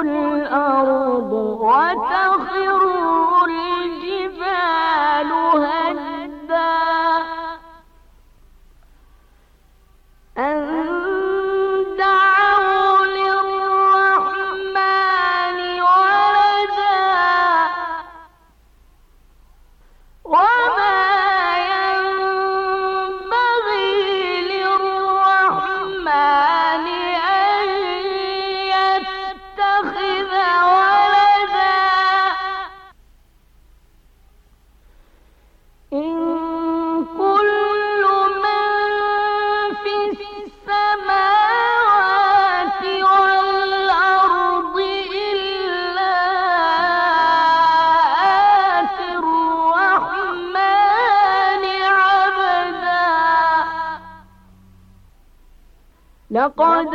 الأرض وتخر الجبال هدى لقد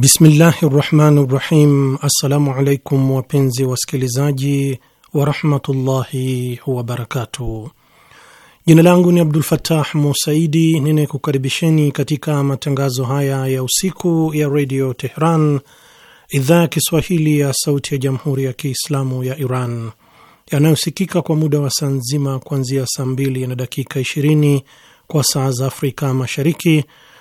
Bismillahi rahmani rahim. Assalamu alaikum wapenzi wasikilizaji warahmatullahi wabarakatuh. Jina langu ni Abdul fatah Musaidi ninayekukaribisheni katika matangazo haya ya usiku ya redio Tehran, idhaa ya Kiswahili ya sauti ya jamhuri ya Kiislamu ya Iran, yanayosikika kwa muda wa saa nzima kuanzia saa mbili na dakika 20 kwa saa za Afrika Mashariki,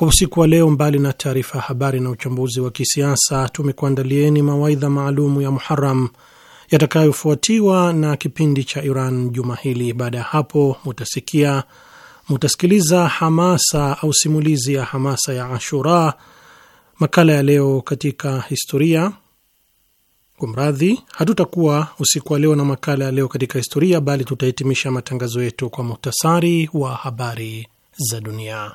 Kwa usiku wa leo, mbali na taarifa ya habari na uchambuzi wa kisiasa, tumekuandalieni mawaidha maalumu ya Muharam yatakayofuatiwa na kipindi cha Iran juma hili. Baada ya hapo, mutasikia mutasikiliza hamasa au simulizi ya hamasa ya Ashura, makala ya leo katika historia. Kumradhi, hatutakuwa usiku wa leo na makala ya leo katika historia, bali tutahitimisha matangazo yetu kwa muhtasari wa habari za dunia.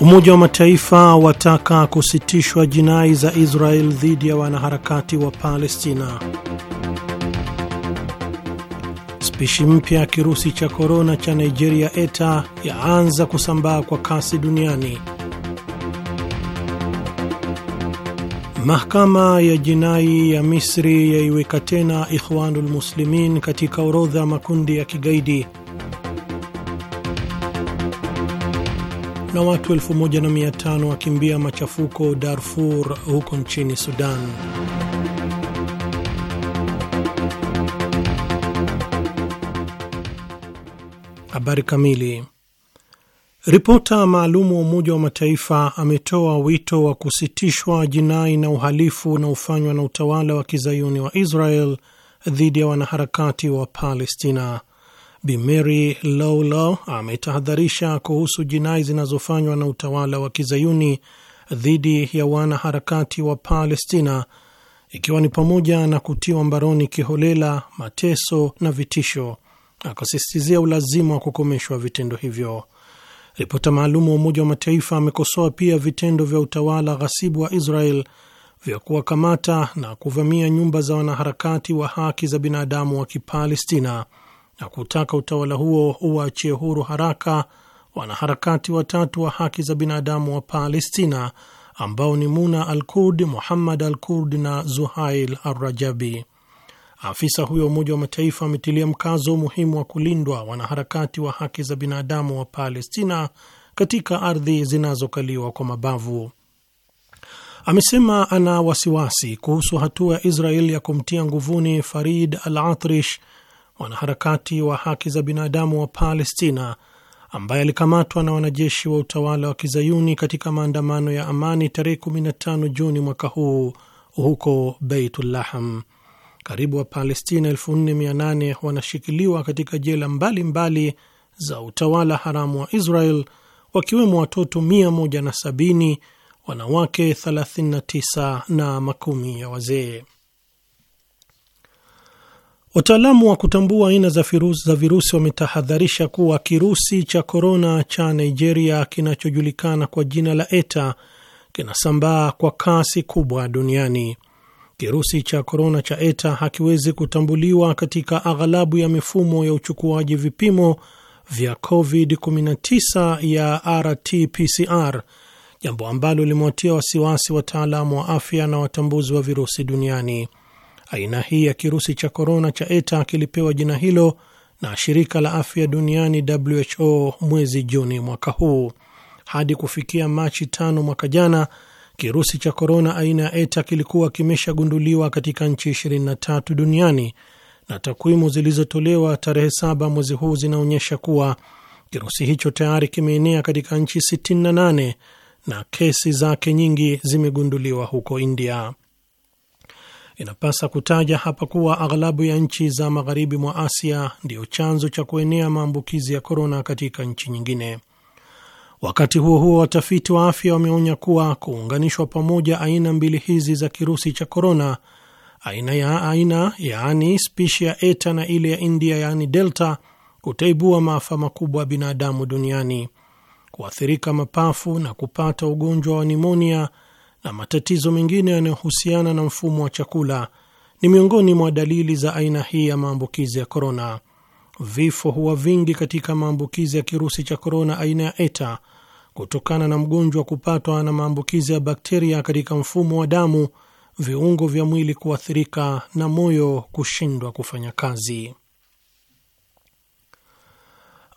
Umoja wa Mataifa wataka kusitishwa jinai za Israel dhidi ya wanaharakati wa Palestina. Spishi mpya ya kirusi cha korona cha Nigeria ETA yaanza kusambaa kwa kasi duniani. Mahakama ya jinai ya Misri yaiweka tena Ikhwanul Muslimin katika orodha ya makundi ya kigaidi. na watu 1500 wakimbia machafuko Darfur huko nchini Sudan. Habari kamili. Ripota maalumu wa Umoja wa Mataifa ametoa wito wa kusitishwa jinai na uhalifu unaofanywa na utawala wa kizayuni wa Israel dhidi ya wanaharakati wa Palestina Bi Lolo ametahadharisha kuhusu jinai zinazofanywa na utawala wa kizayuni dhidi ya wanaharakati wa Palestina, ikiwa ni pamoja na kutiwa mbaroni kiholela, mateso na vitisho, akasisitizia ulazima wa kukomeshwa vitendo hivyo. Ripota maalumu wa Umoja wa Mataifa amekosoa pia vitendo vya utawala ghasibu wa Israel vya kuwakamata na kuvamia nyumba za wanaharakati wa haki za binadamu wa Kipalestina na kutaka utawala huo uwaachie huru haraka wanaharakati watatu wa haki za binadamu wa Palestina ambao ni Muna al Kurd, Muhammad al Kurd na Zuhail Rajabi. Afisa huyo wa Umoja wa Mataifa ametilia mkazo umuhimu wa kulindwa wanaharakati wa haki za binadamu wa Palestina katika ardhi zinazokaliwa kwa mabavu. Amesema ana wasiwasi kuhusu hatua ya Israeli ya kumtia nguvuni Farid al Atrish, mwanaharakati wa haki za binadamu wa Palestina ambaye alikamatwa na wanajeshi wa utawala wa kizayuni katika maandamano ya amani tarehe 15 Juni mwaka huu huko beitulaham Karibu wapalestina 48 4800 wanashikiliwa katika jela mbalimbali mbali za utawala haramu wa Israel, wakiwemo watoto 170, wanawake 39 na makumi ya wazee. Wataalamu wa kutambua aina za virusi, za virusi wametahadharisha kuwa kirusi cha korona cha Nigeria kinachojulikana kwa jina la Eta kinasambaa kwa kasi kubwa duniani. Kirusi cha korona cha Eta hakiwezi kutambuliwa katika aghalabu ya mifumo ya uchukuaji vipimo vya COVID-19 ya RT-PCR, jambo ambalo limewatia wasiwasi wataalamu wa afya na watambuzi wa virusi duniani. Aina hii ya kirusi cha korona cha ETA kilipewa jina hilo na shirika la afya duniani WHO mwezi Juni mwaka huu. Hadi kufikia Machi tano mwaka jana, kirusi cha korona aina ya ETA kilikuwa kimeshagunduliwa katika nchi 23 duniani na takwimu zilizotolewa tarehe saba mwezi huu zinaonyesha kuwa kirusi hicho tayari kimeenea katika nchi 68 na kesi zake nyingi zimegunduliwa huko India. Inapasa kutaja hapa kuwa aghlabu ya nchi za magharibi mwa Asia ndiyo chanzo cha kuenea maambukizi ya korona katika nchi nyingine. Wakati huo huo, watafiti wa afya wameonya kuwa kuunganishwa pamoja aina mbili hizi za kirusi cha korona, aina ya aina yaani spishi ya Eta na ile ya India yaani Delta, kutaibua maafa makubwa ya binadamu duniani. Kuathirika mapafu na kupata ugonjwa wa nimonia na matatizo mengine yanayohusiana na mfumo wa chakula ni miongoni mwa dalili za aina hii ya maambukizi ya korona. Vifo huwa vingi katika maambukizi ya kirusi cha korona aina ya ETA kutokana na mgonjwa kupatwa na maambukizi ya bakteria katika mfumo wa damu, viungo vya mwili kuathirika na moyo kushindwa kufanya kazi.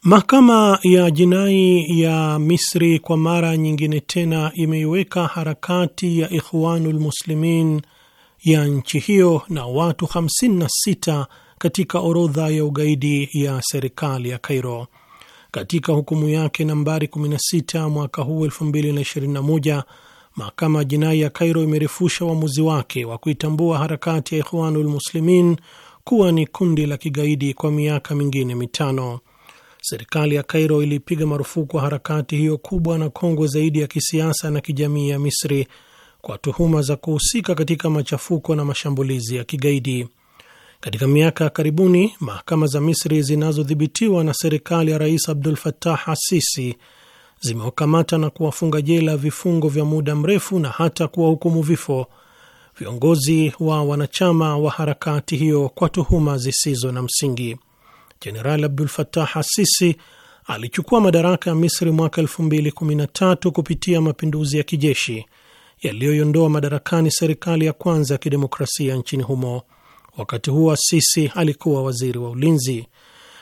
Mahakama ya jinai ya Misri kwa mara nyingine tena imeiweka harakati ya Ikhwanul Muslimin ya nchi hiyo na watu 56 katika orodha ya ugaidi ya serikali ya cairo Katika hukumu yake nambari 16 mwaka huu 2021, mahakama ya jinai ya cairo imerefusha uamuzi wake wa kuitambua harakati ya Ikhwanul Muslimin kuwa ni kundi la kigaidi kwa miaka mingine mitano serikali ya cairo ilipiga marufuku harakati hiyo kubwa na kongwe zaidi ya kisiasa na kijamii ya Misri kwa tuhuma za kuhusika katika machafuko na mashambulizi ya kigaidi. Katika miaka ya karibuni, mahakama za Misri zinazodhibitiwa na serikali ya Rais Abdul fatah Assisi zimewakamata na kuwafunga jela vifungo vya muda mrefu na hata kuwahukumu vifo viongozi wa wanachama wa harakati hiyo kwa tuhuma zisizo na msingi jenerali Abdul fatah Asisi alichukua madaraka ya Misri mwaka 2013 kupitia mapinduzi ya kijeshi yaliyoiondoa madarakani serikali ya kwanza ya kidemokrasia nchini humo. Wakati huo Asisi alikuwa waziri wa ulinzi.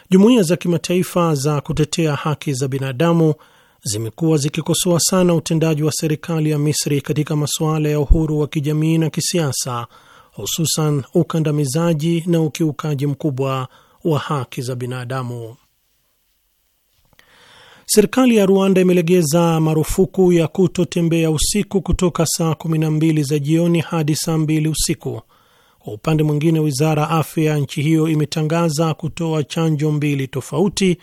Jumuiya za kimataifa za kutetea haki za binadamu zimekuwa zikikosoa sana utendaji wa serikali ya Misri katika masuala ya uhuru wa kijamii na kisiasa, hususan ukandamizaji na ukiukaji mkubwa wa haki za binadamu. Serikali ya Rwanda imelegeza marufuku ya kutotembea usiku kutoka saa kumi na mbili za jioni hadi saa mbili usiku. Kwa upande mwingine, wizara ya afya ya nchi hiyo imetangaza kutoa chanjo mbili tofauti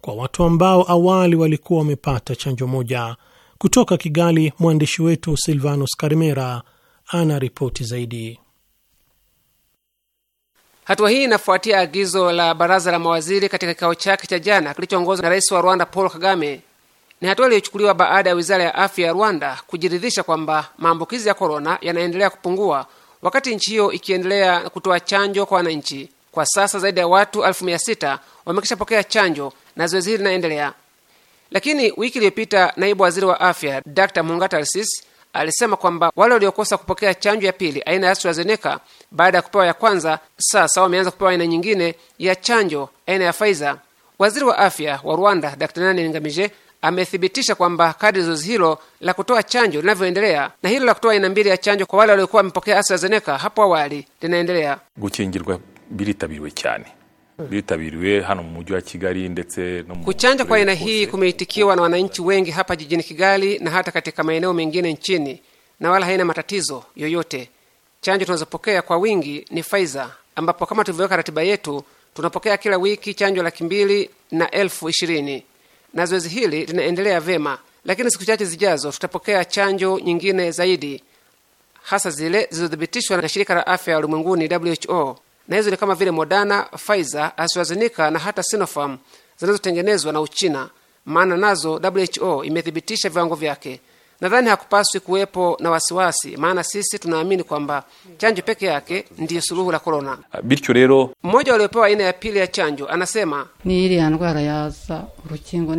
kwa watu ambao awali walikuwa wamepata chanjo moja. Kutoka Kigali, mwandishi wetu Silvanus Karimera ana ripoti zaidi. Hatua hii inafuatia agizo la baraza la mawaziri katika kikao chake cha jana kilichoongozwa na rais wa Rwanda Paul Kagame. Ni hatua iliyochukuliwa baada ya wizara ya afya ya Rwanda kujiridhisha kwamba maambukizi ya korona yanaendelea kupungua wakati nchi hiyo ikiendelea kutoa chanjo kwa wananchi. Kwa sasa zaidi ya watu elfu mia sita wamekishapokea chanjo na zoezi hili linaendelea. Lakini wiki iliyopita naibu waziri wa afya Dr Mungatarsis alisema kwamba wale waliokosa kupokea chanjo ya pili aina ya AstraZeneca baada ya kupewa ya kwanza, sasa wameanza kupewa aina nyingine ya chanjo aina ya Pfizer. Waziri wa afya wa Rwanda Dr. Nani Ngamije amethibitisha kwamba kadri zoezi hilo la kutoa chanjo linavyoendelea na hilo la kutoa aina mbili ya chanjo kwa wale waliokuwa wamepokea AstraZeneca hapo awali linaendelea gukingirwa bilitabiriwe cyane bitabiriwe hano mu mujyi wa Kigali ndetse no mu kuchanja kwa aina hii kumeitikiwa na wananchi wengi hapa jijini Kigali na hata katika maeneo mengine nchini, na wala haina matatizo yoyote. Chanjo tunazopokea kwa wingi ni Pfizer, ambapo kama tulivyoweka ratiba yetu tunapokea kila wiki chanjo laki mbili na elfu ishirini na zoezi hili linaendelea vema, lakini siku chache zijazo tutapokea chanjo nyingine zaidi, hasa zile zilizothibitishwa na shirika la afya ulimwenguni WHO na hizo ni kama vile Moderna, Pfizer, AstraZeneca na hata Sinopharm zinazotengenezwa na Uchina, maana nazo WHO imethibitisha viwango vyake. Nadhani hakupaswi kuwepo na wasiwasi, maana sisi tunaamini kwamba chanjo peke yake ndiyo suluhu la korona. Bityo rero, mmoja waliopewa aina ya pili ya chanjo anasema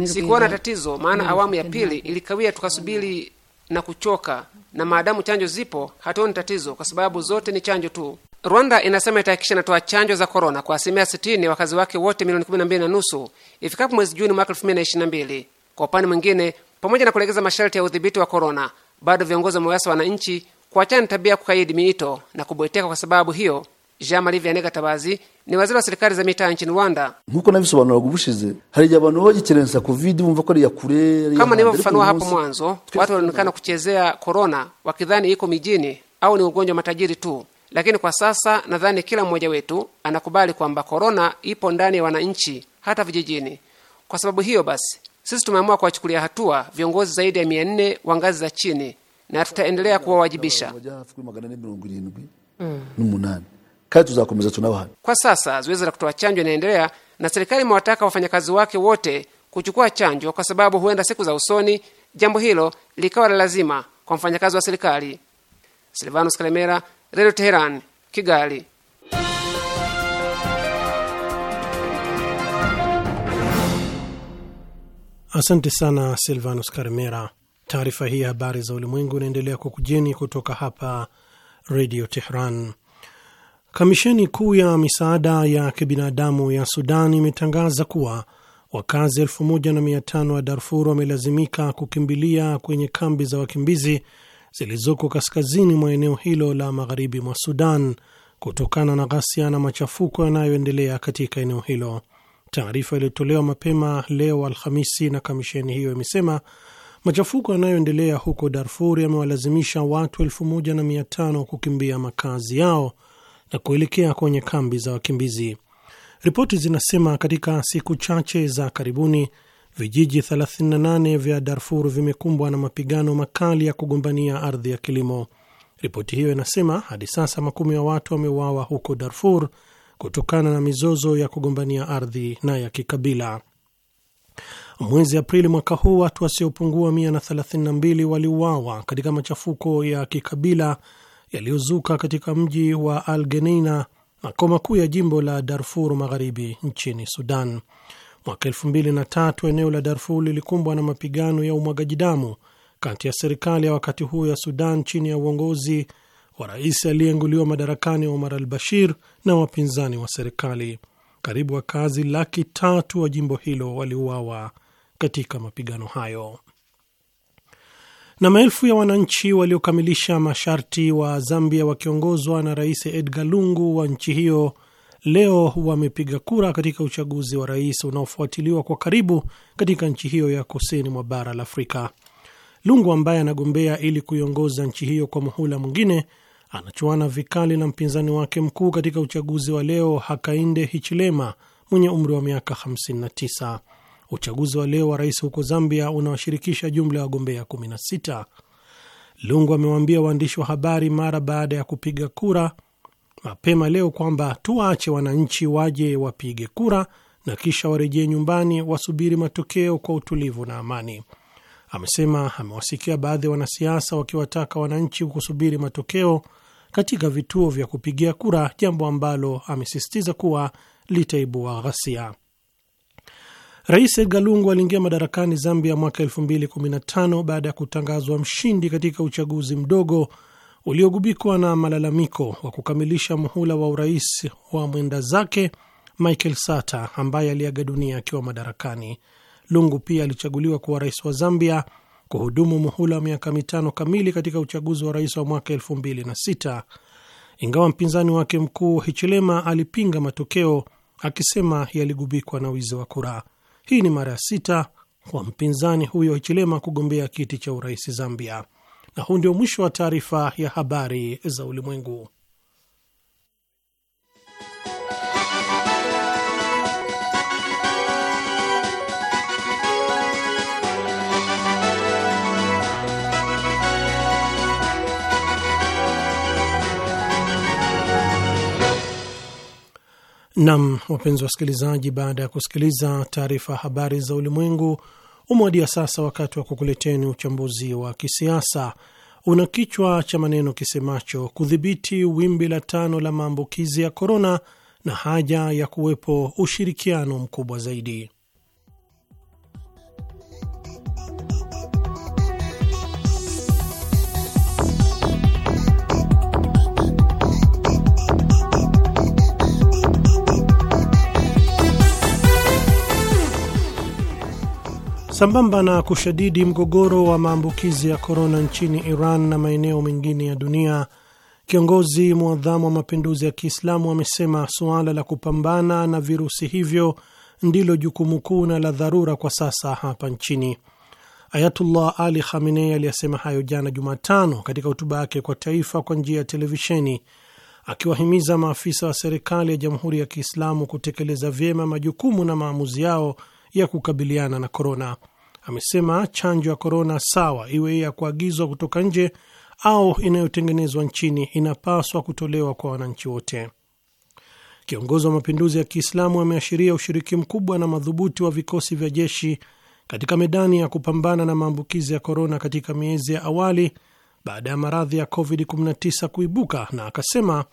sikuona tatizo, maana awamu ya pili ilikawia, tukasubiri na kuchoka, na maadamu chanjo zipo hatuoni tatizo, kwa sababu zote ni chanjo tu. Rwanda inasema itahakikisha inatoa chanjo za korona kwa asilimia 60 wakazi wake wote milioni 12 na nusu ifikapo mwezi Juni mwaka 2022. Kwa upande mwingine, pamoja na kulegeza masharti ya udhibiti wa korona, bado viongozi wamewasa wananchi kuachana na tabia ya kukaidi miito na kubweteka kwa sababu hiyo. Jean Marie Vianney Gatabazi ni waziri wa serikali za mitaa nchini Rwanda. nkuko nabisobanuraga ubushize hari igihe abantu bagikerensa covid bumva ko ari ya kure. Kama nilivyofafanua hapo mwanzo, watu walionekana kuchezea korona wakidhani iko mijini au ni ugonjwa matajiri tu lakini kwa sasa nadhani kila mmoja wetu anakubali kwamba korona ipo ndani ya wananchi hata vijijini. Kwa sababu hiyo basi, sisi tumeamua kuwachukulia hatua viongozi zaidi ya mia nne wa ngazi za chini na tutaendelea kuwawajibisha. Mm. Kwa sasa zoezi la kutoa chanjo inaendelea na serikali imewataka wafanyakazi wake wote kuchukua chanjo, kwa sababu huenda siku za usoni jambo hilo likawa la lazima kwa mfanyakazi wa serikali. Silvanus Kalemera, Redio Teherani, Kigali. Asante sana Silvanus Karemera. Taarifa hii ya habari za ulimwengu inaendelea kukujeni kutoka hapa Redio Tehran. Kamisheni kuu ya misaada ya kibinadamu ya Sudan imetangaza kuwa wakazi 1500 wa Darfur wamelazimika kukimbilia kwenye kambi za wakimbizi zilizoko kaskazini mwa eneo hilo la magharibi mwa Sudan kutokana na ghasia na machafuko yanayoendelea katika eneo hilo. Taarifa iliyotolewa mapema leo Alhamisi na kamisheni hiyo imesema machafuko yanayoendelea huko Darfur yamewalazimisha watu elfu moja na mia tano kukimbia makazi yao na kuelekea kwenye kambi za wakimbizi. Ripoti zinasema katika siku chache za karibuni Vijiji 38 vya Darfur vimekumbwa na mapigano makali ya kugombania ardhi ya kilimo. Ripoti hiyo inasema hadi sasa makumi ya watu wameuawa huko Darfur kutokana na mizozo ya kugombania ardhi na ya kikabila. Mwezi Aprili mwaka huu watu wasiopungua 132 waliuawa katika machafuko ya kikabila yaliyozuka katika mji wa Al Geneina, makao makuu ya jimbo la Darfur Magharibi nchini Sudan. Mwaka elfu mbili na tatu eneo la Darfur lilikumbwa na mapigano ya umwagaji damu kati ya serikali ya wakati huo ya Sudan chini ya uongozi wa rais aliyeenguliwa madarakani Omar al Bashir na wapinzani wa serikali. Karibu wakazi laki tatu wa jimbo hilo waliuawa katika mapigano hayo na maelfu ya wananchi waliokamilisha masharti wa Zambia wakiongozwa na Rais Edgar Lungu wa nchi hiyo leo wamepiga kura katika uchaguzi wa rais unaofuatiliwa kwa karibu katika nchi hiyo ya kusini mwa bara la Afrika. Lungu ambaye anagombea ili kuiongoza nchi hiyo kwa muhula mwingine anachuana vikali na mpinzani wake mkuu katika uchaguzi wa leo Hakainde Hichilema mwenye umri wa miaka 59. Uchaguzi wa leo wa rais huko Zambia unawashirikisha jumla ya wagombea 16. Lungu amewaambia waandishi wa habari mara baada ya kupiga kura mapema leo kwamba tuwaache wananchi waje wapige kura na kisha warejee nyumbani wasubiri matokeo kwa utulivu na amani. Amesema amewasikia baadhi ya wanasiasa wakiwataka wananchi kusubiri matokeo katika vituo vya kupigia kura, jambo ambalo amesisitiza kuwa litaibua ghasia. Rais Edgar Lungu aliingia madarakani Zambia mwaka 2015 baada ya kutangazwa mshindi katika uchaguzi mdogo uliogubikwa na malalamiko wa kukamilisha muhula wa urais wa mwenda zake Michael Sata ambaye aliaga dunia akiwa madarakani. Lungu pia alichaguliwa kuwa rais wa Zambia kuhudumu muhula wa miaka mitano kamili katika uchaguzi wa rais wa mwaka elfu mbili na sita ingawa mpinzani wake mkuu Hichilema alipinga matokeo akisema yaligubikwa na wizi wa kura. Hii ni mara ya sita kwa mpinzani huyo Hichilema kugombea kiti cha urais Zambia. Na huu ndio mwisho wa taarifa ya habari za ulimwengu. Nam, wapenzi wasikilizaji, baada ya kusikiliza taarifa habari za ulimwengu Umewadia sasa wakati wa kukuleteni uchambuzi wa kisiasa una kichwa cha maneno kisemacho kudhibiti wimbi la tano la maambukizi ya korona na haja ya kuwepo ushirikiano mkubwa zaidi. Sambamba na kushadidi mgogoro wa maambukizi ya korona nchini Iran na maeneo mengine ya dunia, kiongozi mwadhamu wa mapinduzi ya Kiislamu amesema suala la kupambana na virusi hivyo ndilo jukumu kuu na la dharura kwa sasa hapa nchini. Ayatullah Ali Khamenei aliyasema hayo jana Jumatano katika hotuba yake kwa taifa kwa njia ya televisheni, akiwahimiza maafisa wa serikali ya Jamhuri ya Kiislamu kutekeleza vyema majukumu na maamuzi yao ya kukabiliana na korona amesema chanjo ya korona, sawa iwe ya kuagizwa kutoka nje au inayotengenezwa nchini, inapaswa kutolewa kwa wananchi wote. Kiongozi wa mapinduzi ya Kiislamu ameashiria ushiriki mkubwa na madhubuti wa vikosi vya jeshi katika medani ya kupambana na maambukizi ya korona katika miezi ya awali baada ya maradhi ya COVID-19 kuibuka, na akasema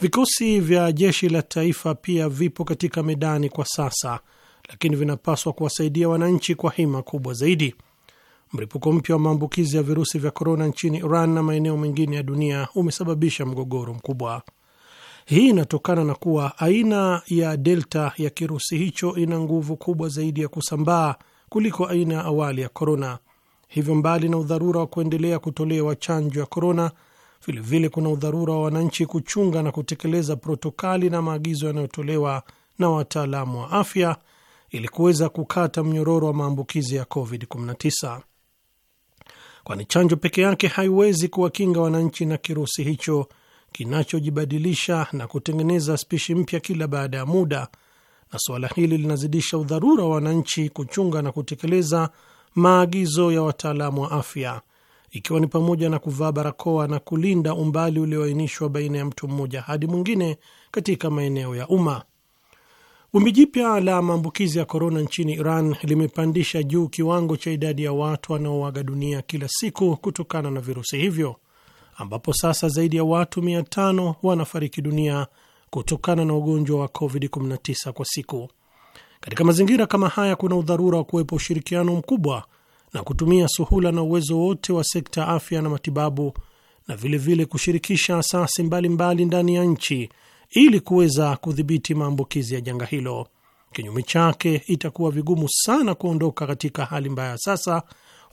vikosi vya jeshi la taifa pia vipo katika medani kwa sasa lakini vinapaswa kuwasaidia wananchi kwa hima kubwa zaidi. Mlipuko mpya wa maambukizi ya virusi vya korona nchini Iran na maeneo mengine ya dunia umesababisha mgogoro mkubwa. Hii inatokana na kuwa aina ya delta ya kirusi hicho ina nguvu kubwa zaidi ya kusambaa kuliko aina ya awali ya korona. Hivyo, mbali na udharura wa kuendelea kutolewa chanjo ya korona, vilevile kuna udharura wa wananchi kuchunga na kutekeleza protokali na maagizo yanayotolewa na wataalamu wa afya ili kuweza kukata mnyororo wa maambukizi ya COVID-19, kwani chanjo peke yake haiwezi kuwakinga wananchi na kirusi hicho kinachojibadilisha na kutengeneza spishi mpya kila baada ya muda, na suala hili linazidisha udharura wa wananchi kuchunga na kutekeleza maagizo ya wataalamu wa afya, ikiwa ni pamoja na kuvaa barakoa na kulinda umbali ulioainishwa baina ya mtu mmoja hadi mwingine katika maeneo ya umma. Wimbi jipya la maambukizi ya korona nchini Iran limepandisha juu kiwango cha idadi ya watu wanaoaga dunia kila siku kutokana na virusi hivyo, ambapo sasa zaidi ya watu 500 wanafariki dunia kutokana na ugonjwa wa COVID-19 kwa siku. Katika mazingira kama haya, kuna udharura wa kuwepo ushirikiano mkubwa na kutumia suhula na uwezo wote wa sekta afya na matibabu na vilevile vile kushirikisha asasi mbalimbali ndani ya nchi ili kuweza kudhibiti maambukizi ya janga hilo. Kinyume chake, itakuwa vigumu sana kuondoka katika hali mbaya ya sasa,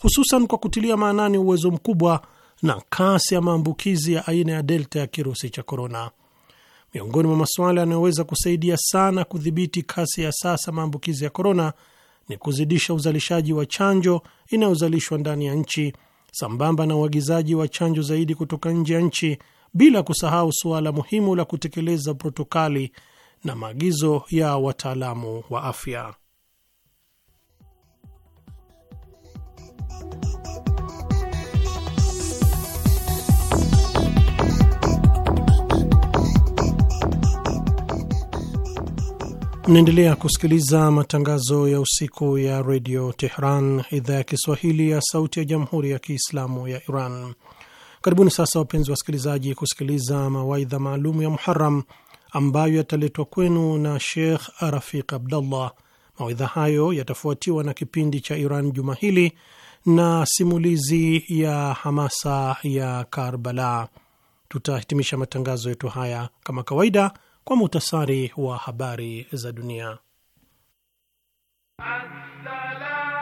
hususan kwa kutilia maanani uwezo mkubwa na kasi ya maambukizi ya aina ya delta ya kirusi cha korona. Miongoni mwa masuala yanayoweza kusaidia sana kudhibiti kasi ya sasa maambukizi ya korona ni kuzidisha uzalishaji wa chanjo inayozalishwa ndani ya nchi sambamba na uagizaji wa chanjo zaidi kutoka nje ya nchi bila kusahau suala muhimu la kutekeleza protokali na maagizo ya wataalamu wa afya. Mnaendelea kusikiliza matangazo ya usiku ya redio Tehran, idhaa ya Kiswahili ya sauti ya jamhuri ya kiislamu ya Iran. Karibuni sasa wapenzi wasikilizaji, kusikiliza mawaidha maalum ya Muharam ambayo yataletwa kwenu na Sheikh Rafiq Abdallah. Mawaidha hayo yatafuatiwa na kipindi cha Iran juma hili na simulizi ya hamasa ya Karbala. Tutahitimisha matangazo yetu haya kama kawaida kwa muhtasari wa habari za dunia. Assalamu.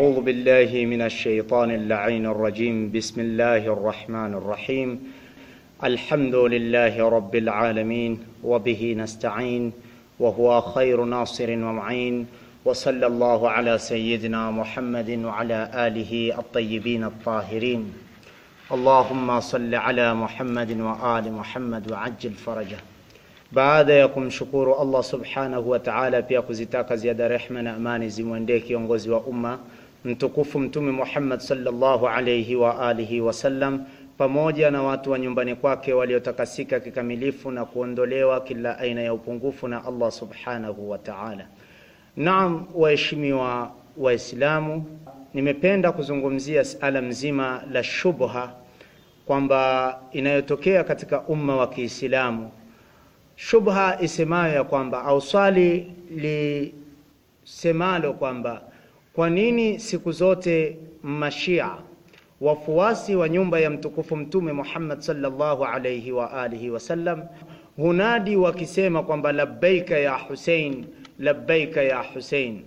أعوذ بالله من الشيطان اللعين الرجيم بسم الله الرحمن الرحيم الحمد لله رب العالمين وبه نستعين وهو خير ناصر ومعين وصلى الله على سيدنا محمد وعلى آله الطيبين الطاهرين اللهم صل على محمد وآل محمد وعجل فرجه بعد يقوم شكور الله سبحانه وتعالى ta'ala, pia kuzitaka ziada rehma na amani zimwendee kiongozi mtukufu Mtume Muhammad sallallahu alayhi wa alihi wasallam pamoja na watu wa nyumbani kwake waliotakasika kikamilifu na kuondolewa kila aina ya upungufu na Allah subhanahu wa ta'ala. Naam, waheshimiwa Waislamu, nimependa kuzungumzia sala mzima la shubha kwamba inayotokea katika umma wa Kiislamu, shubha isemayo ya kwamba au swali lisemalo kwamba kwa nini siku zote mashia wafuasi wa nyumba ya mtukufu Mtume Muhammad sallallahu alayhi wa alihi wasallam hunadi wakisema kwamba labbaika ya Hussein, labbaika ya Hussein?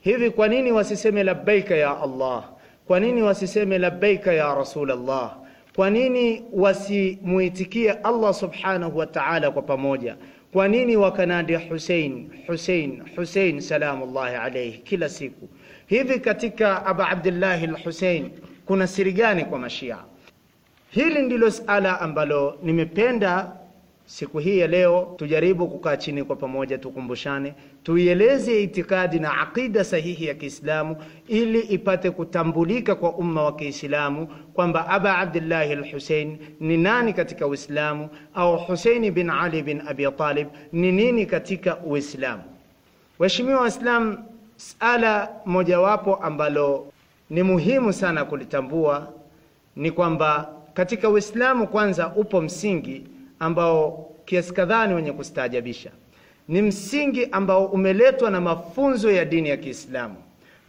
Hivi kwa nini wasiseme labbaika ya Allah? Kwa nini wasiseme labbaika ya Rasulullah? Kwa nini wasimuitikie Allah subhanahu wa ta'ala kwa pamoja? Kwa nini wakanadi Hussein, Hussein, Hussein salamullahi alayhi kila siku? Hivi katika Aba Abdillahi al-Hussein kuna siri gani kwa Mashia? Hili ndilo sala ambalo nimependa siku hii ya leo tujaribu kukaa chini kwa pamoja, tukumbushane, tuieleze itikadi na aqida sahihi ya Kiislamu ili ipate kutambulika kwa umma wa Kiislamu kwamba Aba Abdillahi al-Hussein ni nani katika Uislamu au Hussein bin Ali bin Abi Talib ni nini katika Uislamu. Waheshimiwa Waislamu, Sala mojawapo ambalo ni muhimu sana kulitambua ni kwamba katika Uislamu kwanza upo msingi ambao kiasi kadhaa ni wenye kustaajabisha. Ni msingi ambao umeletwa na mafunzo ya dini ya Kiislamu.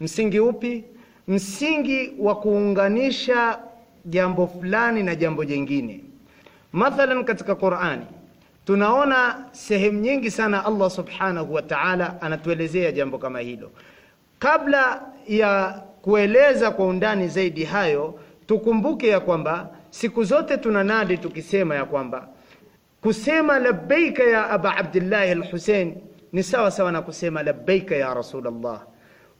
Msingi upi? Msingi wa kuunganisha jambo fulani na jambo jingine. Mathalan katika Qur'ani Tunaona sehemu nyingi sana Allah subhanahu wa ta'ala anatuelezea jambo kama hilo. Kabla ya kueleza kwa undani zaidi hayo, tukumbuke ya kwamba siku zote tunanadi tukisema ya kwamba kusema labbaika ya Aba Abdillahi al-Hussein ni sawa sawa na kusema labbaika ya Rasulullah.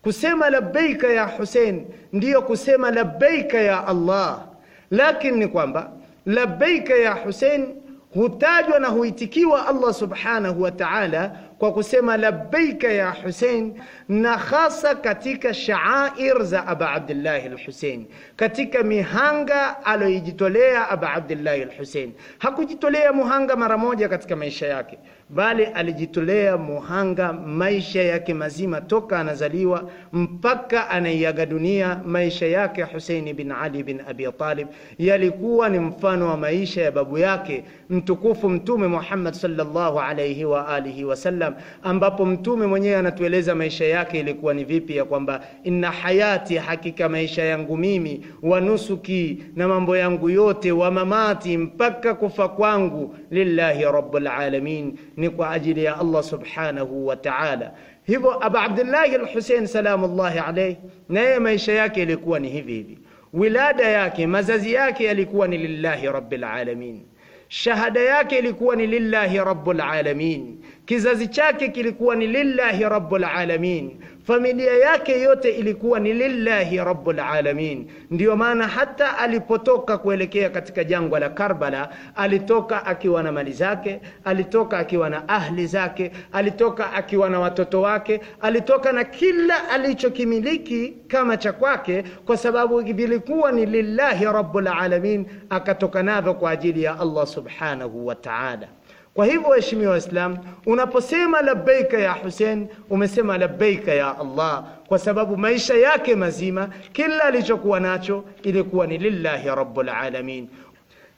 Kusema labbaika ya Hussein ndiyo kusema labbaika ya Allah, lakini ni kwamba labbaika ya Hussein hutajwa na huitikiwa Allah subhanahu wa ta'ala kwa kusema labbaika ya Hussein, na hasa katika shaair za Aba Abdillahi al-Hussein, katika mihanga aliyojitolea Aba Abdillahi al-Hussein. Hakujitolea muhanga mara moja katika maisha yake bali alijitolea muhanga maisha yake mazima toka anazaliwa mpaka anaiaga dunia. Maisha yake Huseini bin Ali bin Abi Talib yalikuwa ni mfano wa maisha ya babu yake mtukufu Mtume Muhammad sallallahu alayhi wa alihi wasallam, ambapo mtume mwenyewe anatueleza maisha yake ilikuwa ni vipi, ya kwamba inna hayati, hakika maisha yangu mimi, wa nusuki, na mambo yangu yote, wa mamati, mpaka kufa kwangu, lillahi rabbil alamin ni kwa ajili ya Allah subhanahu wa ta'ala. Hivyo Abu Abdullah al-Hussein salamullahi alayhi, naye maisha yake ilikuwa ni hivi hivi, wilada yake, mazazi yake yalikuwa ni lillahi rabbil alamin, shahada yake ilikuwa ni lillahi rabbil alamin. Kizazi chake kilikuwa ni lillahi rabbul alamin, familia yake yote ilikuwa ni lillahi rabbul alamin. Ndiyo maana hata alipotoka kuelekea katika jangwa la Karbala, alitoka akiwa na mali zake, alitoka akiwa na ahli zake, alitoka akiwa na watoto wake, alitoka na kila alichokimiliki kama cha kwake, kwa sababu vilikuwa ni lillahi rabbul alamin. Akatoka navyo kwa ajili ya Allah subhanahu wa ta'ala. Kwa hivyo waheshimiwa Waislamu, unaposema labbaika ya Hussein, umesema labbaika ya Allah, kwa sababu maisha yake mazima kila alichokuwa nacho ilikuwa ni lillahi rabbul alamin.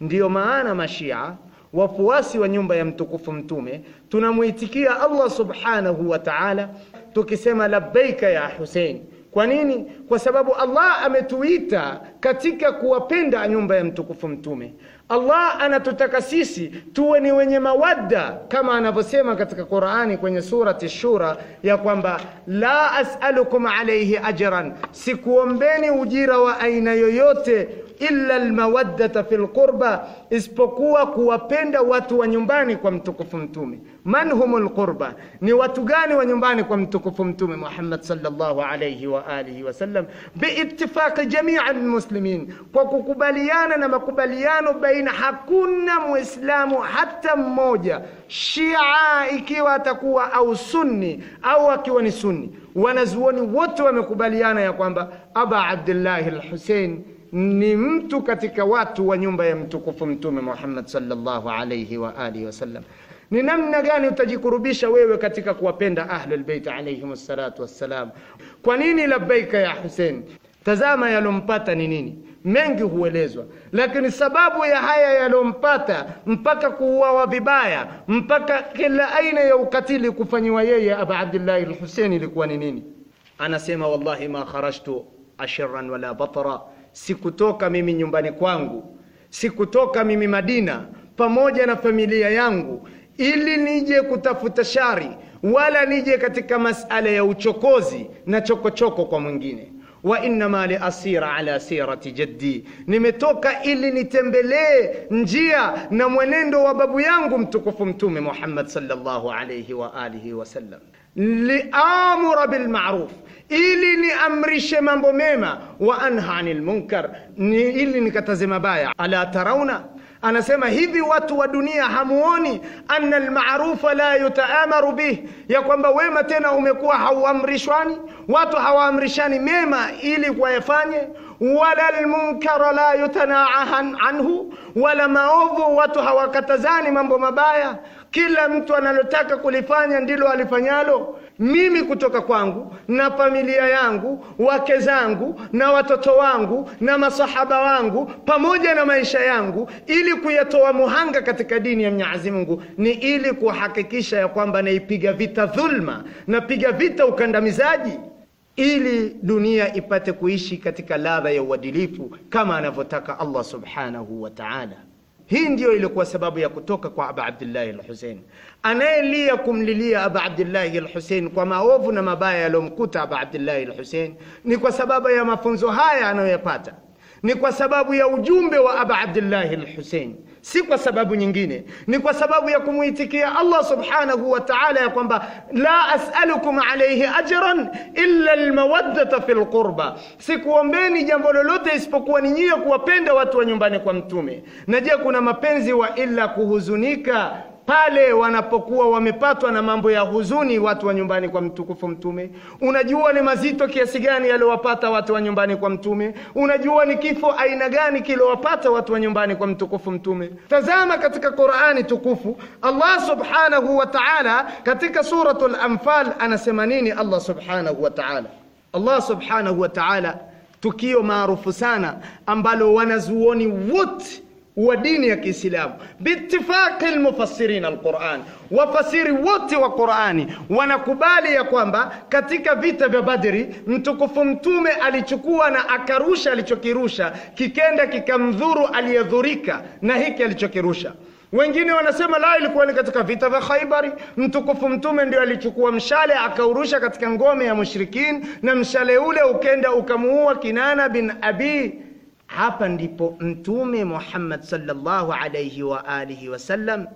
Ndiyo maana mashia wafuasi wa nyumba ya mtukufu mtume tunamwitikia Allah subhanahu wa ta'ala tukisema labbaika ya Hussein. Kwa nini? Kwa sababu Allah ametuita katika kuwapenda nyumba ya mtukufu mtume. Allah anatutaka sisi tuwe ni wenye mawadda kama anavyosema katika Qur'ani kwenye surati Shura ya kwamba la as'alukum alayhi ajran, sikuombeni ujira wa aina yoyote illa almawaddata fil qurba, isipokuwa kuwapenda watu wa nyumbani kwa mtukufu Mtume. Man humul qurba, ni watu gani wa nyumbani kwa mtukufu Mtume Muhammad sallallahu alayhi wa alihi wasallam? Biittifaqi jamii almuslimin, kwa kukubaliana na makubaliano baina, hakuna muislamu hata mmoja, Shia ikiwa atakuwa au Sunni au akiwa ni Sunni, wanazuoni wote wamekubaliana ya kwamba Aba Abdillahi al ni mtu katika watu wa nyumba ya mtukufu Mtume Muhammad sallallahu alayhi wa alihi wasallam. Ni namna gani utajikurubisha wewe katika kuwapenda Ahlul Bait alayhim salatu wassalam? Kwa nini labbaika ya Hussein? Tazama yalompata ni nini. Mengi huelezwa, lakini sababu ya haya yalompata, mpaka kuuawa vibaya, mpaka kila aina ya ukatili kufanyiwa yeye Aba Abdillahi al ilikuwa ni nini? Anasema, wallahi ma kharajtu ashiran wala batara sikutoka mimi nyumbani kwangu, sikutoka mimi Madina pamoja na familia yangu ili nije kutafuta shari wala nije katika masala ya uchokozi na chokochoko choko kwa mwingine. wa innama li asira ala sirati jaddi, nimetoka ili nitembelee njia na mwenendo wa babu yangu mtukufu Mtume Muhammad sallallahu alayhi wa alihi wasallam. liamura bilmaruf ili niamrishe mambo mema, wa anha anil munkar, ni ili nikataze mabaya. Ala tarauna Anasema hivi, watu wa dunia hamuoni, anna almarufa la yutaamaru bih, ya kwamba wema tena umekuwa hauamrishwani, watu hawaamrishani mema ili wayafanye. Wala lmunkara la yutanaaha anhu, wala maovu watu hawakatazani mambo mabaya. Kila mtu analotaka kulifanya ndilo alifanyalo mimi kutoka kwangu na familia yangu, wake zangu na watoto wangu na masahaba wangu, pamoja na maisha yangu, ili kuyatoa muhanga katika dini ya Mwenyezi Mungu, ni ili kuhakikisha ya kwamba naipiga vita dhulma, napiga vita ukandamizaji, ili dunia ipate kuishi katika ladha ya uadilifu kama anavyotaka Allah subhanahu wataala hii ndiyo ilikuwa sababu ya kutoka kwa Aba Abdillahi al-Hussein. Anayelia kumlilia Aba Abdillahi al-Hussein kwa maovu na mabaya yaliyomkuta Aba Abdillahi al-Hussein ni kwa sababu ya mafunzo haya anayoyapata ni kwa sababu ya ujumbe wa Aba Abdillahi al si kwa sababu nyingine. Ni kwa sababu ya kumwitikia Allah subhanahu wa ta'ala ya kwamba la as'alukum alayhi ajran illa lmawaddata fi qurba, sikuombeni jambo lolote isipokuwa ni nyiye kuwapenda watu wa nyumbani kwa Mtume. Na je, kuna mapenzi wa illa kuhuzunika pale wanapokuwa wamepatwa na mambo ya huzuni watu wa nyumbani kwa mtukufu Mtume. Unajua ni mazito kiasi gani yaliowapata watu wa nyumbani kwa Mtume. Unajua ni kifo aina gani kiliowapata watu wa nyumbani kwa mtukufu Mtume. Tazama katika Qurani tukufu, Allah subhanahu wa taala katika Suratul Anfal anasema nini? Allah subhanahu wa taala, Allah subhanahu wa taala, tukio maarufu sana ambalo wanazuoni wote wa dini ya Kiislamu biitifaqi almufassirin alquran, wafasiri wote wa Qurani wanakubali ya kwamba katika vita vya Badri mtukufu Mtume alichukua na akarusha alichokirusha, kikenda kikamdhuru aliyedhurika na hiki alichokirusha. Wengine wanasema la, ilikuwa ni katika vita vya Khaibari, mtukufu mtume ndio alichukua mshale akaurusha katika ngome ya mushrikin, na mshale ule ukenda ukamuua Kinana bin Abi hapa ndipo Mtume Muhammad sallallahu alayhi wa alihi wasallam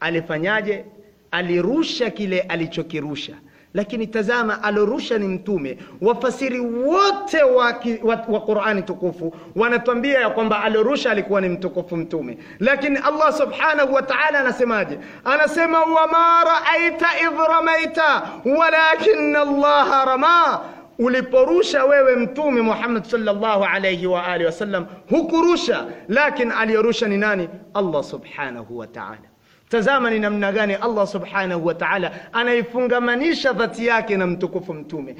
alifanyaje? Alirusha kile alichokirusha, lakini tazama, alorusha ni Mtume. Wafasiri wote wa, wa, wa Qur'ani tukufu wanatuambia ya kwamba alorusha alikuwa ni mtukufu Mtume, lakini Allah subhanahu wa ta'ala anasemaje? Anasema, wama raaita idh ramaita walakinna Allaha rama uliporusha wewe mtume Muhammad sallallahu alayhi wa alihi wasallam hukurusha, lakini aliyorusha ni nani? Allah subhanahu wa ta'ala. Tazama ni namna gani Allah subhanahu wa ta'ala anaifungamanisha dhati yake na mtukufu mtume.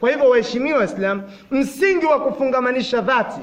Kwa hivyo, waheshimiwa waislam msingi wa kufungamanisha dhati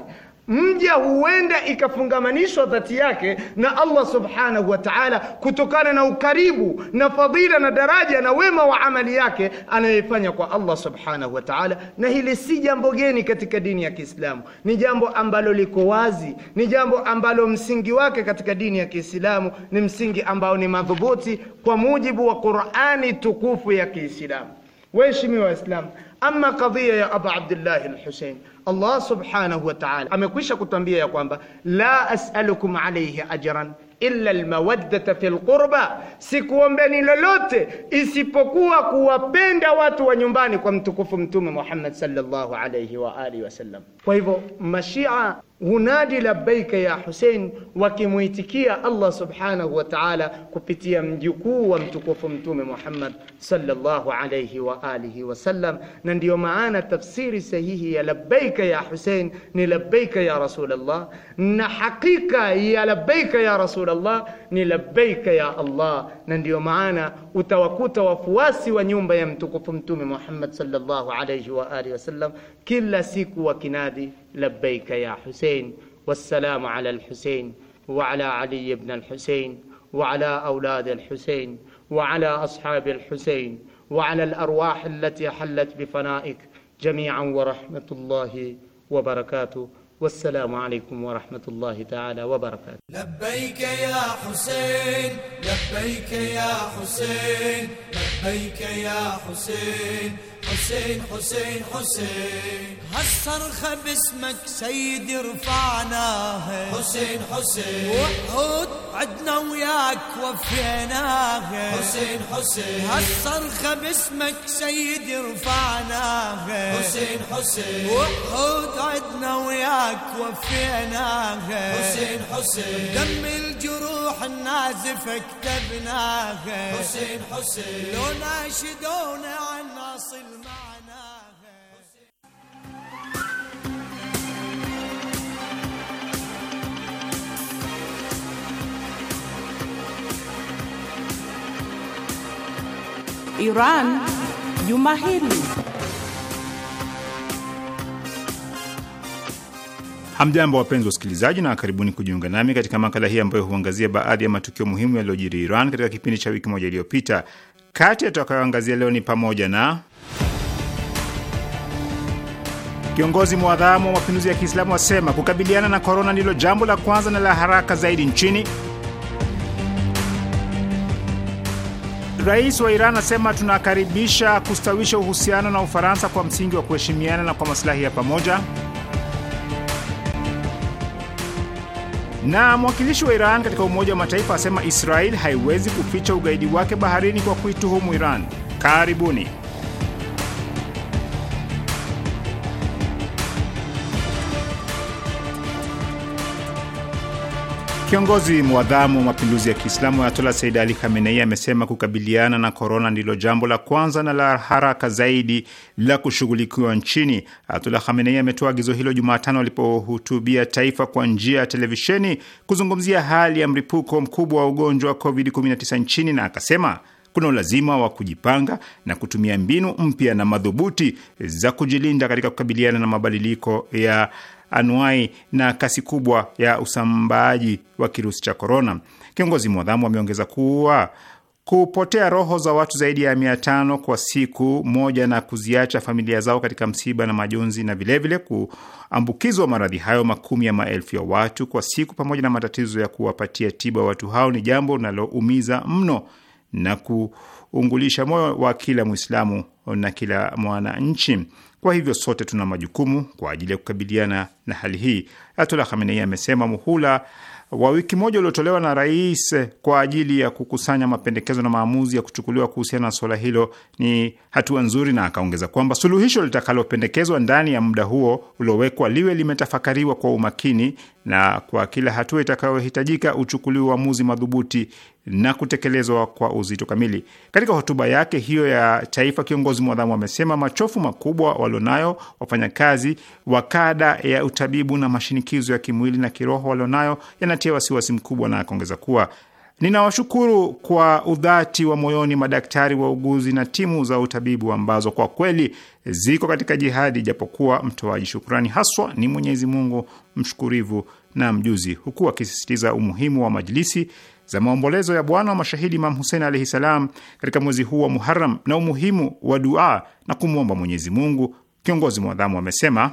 mja huenda ikafungamanishwa dhati yake na Allah subhanahu wa ta'ala, kutokana na ukaribu na fadhila na daraja na wema wa amali yake anayoifanya kwa Allah subhanahu wa ta'ala. Na hili si jambo geni katika dini ya Kiislamu, ni jambo ambalo liko wazi, ni jambo ambalo msingi wake katika dini ya Kiislamu ni msingi ambao ni madhubuti kwa mujibu wa Qur'ani tukufu ya Kiislamu. Waheshimiwa Waislamu, ama kadhia ya Abu Abdullah al-Hussein Allah subhanahu wa ta'ala amekwisha kutwambia ya kwamba la as'alukum alayhi ajran illa almawaddata fi qurba, sikuombeni lolote isipokuwa kuwapenda watu wa nyumbani kwa mtukufu Mtume Muhammad sallallahu alayhi wa alihi wasallam. Kwa hivyo mashia hunadi labbaika ya Hussein, wakimwitikia Allah subhanahu wa ta'ala kupitia mjukuu wa mtukufu Mtume Muhammad sallallahu alayhi wa alihi wasallam. Na ndiyo maana tafsiri sahihi ya labbaika ya Hussein ni labbaika ya Rasulullah, na hakika ya labbaika ya Rasulullah ni labbaika ya Allah. Na ndiyo maana utawakuta wafuasi wa nyumba ya mtukufu Mtume Muhammad sallallahu alayhi wa alihi wasallam kila siku wakinadi لبيك يا حسين والسلام على الحسين وعلى علي بن الحسين وعلى أولاد الحسين وعلى أصحاب الحسين وعلى الأرواح التي حلت بفنائك جميعا ورحمة الله وبركاته والسلام عليكم ورحمة الله تعالى وبركاته لبيك يا حسين لبيك يا حسين لبيك يا حسين حسين حسين حسين هالصرخة باسمك سيدي رفعناها حسين حسين وحود عدنا وياك وفيناها حسين حسين هالصرخة باسمك سيدي رفعناها حسين حسين وحود عدنا وياك وفيناها حسين حسين دم الجروح النازفة كتبناها حسين حسين لو ناشدونا عن ناصل معنا Iran juma hili. Hamjambo, wapenzi wa usikilizaji, na karibuni kujiunga nami katika makala hii ambayo huangazia baadhi ya matukio muhimu yaliyojiri Iran katika kipindi cha wiki moja iliyopita. Kati ya tutakayoangazia leo ni pamoja na Kiongozi mwadhamu wa mapinduzi ya Kiislamu asema kukabiliana na korona ndilo jambo la kwanza na la haraka zaidi nchini. Rais wa Iran asema tunakaribisha kustawisha uhusiano na Ufaransa kwa msingi wa kuheshimiana na kwa masilahi ya pamoja. Na mwakilishi wa Iran katika Umoja wa Mataifa asema Israel haiwezi kuficha ugaidi wake baharini kwa kuituhumu Iran. Karibuni. Kiongozi mwadhamu wa mapinduzi ya Kiislamu Ayatola Said Ali Khamenei amesema kukabiliana na korona ndilo jambo la kwanza na la haraka zaidi la kushughulikiwa nchini. Ayatola Khamenei ametoa agizo hilo Jumatano alipohutubia taifa kwa njia ya televisheni kuzungumzia hali ya mlipuko mkubwa wa ugonjwa wa COVID-19 nchini, na akasema kuna ulazima wa kujipanga na kutumia mbinu mpya na madhubuti za kujilinda katika kukabiliana na mabadiliko ya anuai na kasi kubwa ya usambaaji wa kirusi cha korona. Kiongozi mwadhamu ameongeza kuwa kupotea roho za watu zaidi ya mia tano kwa siku moja na kuziacha familia zao katika msiba na majonzi, na vilevile kuambukizwa maradhi hayo makumi ya maelfu ya watu kwa siku, pamoja na matatizo ya kuwapatia tiba watu hao, ni jambo linaloumiza mno na kuungulisha moyo wa kila Mwislamu na kila mwananchi. Kwa hivyo sote tuna majukumu kwa ajili ya kukabiliana na hali hii. Ayatullah Khamenei amesema muhula wa wiki moja uliotolewa na rais kwa ajili ya kukusanya mapendekezo na maamuzi ya kuchukuliwa kuhusiana na suala hilo ni hatua nzuri, na akaongeza kwamba suluhisho litakalopendekezwa ndani ya muda huo uliowekwa liwe limetafakariwa kwa umakini na kwa kila hatua itakayohitajika uchukuliwe uamuzi madhubuti na kutekelezwa kwa uzito kamili. Katika hotuba yake hiyo ya taifa, kiongozi mwadhamu amesema machofu makubwa walionayo wafanyakazi wa kada ya utabibu na mashinikizo ya kimwili na kiroho walionayo yanatia wasiwasi mkubwa, na akaongeza kuwa ninawashukuru kwa udhati wa moyoni madaktari, wauguzi na timu za utabibu ambazo kwa kweli ziko katika jihadi, japokuwa mtoaji shukrani haswa ni Mwenyezi Mungu mshukurivu na mjuzi, huku akisisitiza umuhimu wa majilisi za maombolezo ya bwana wa mashahidi Imam Husein alaihi salam katika mwezi huu wa Muharam na umuhimu wa dua na kumwomba Mwenyezi Mungu. Kiongozi mwadhamu amesema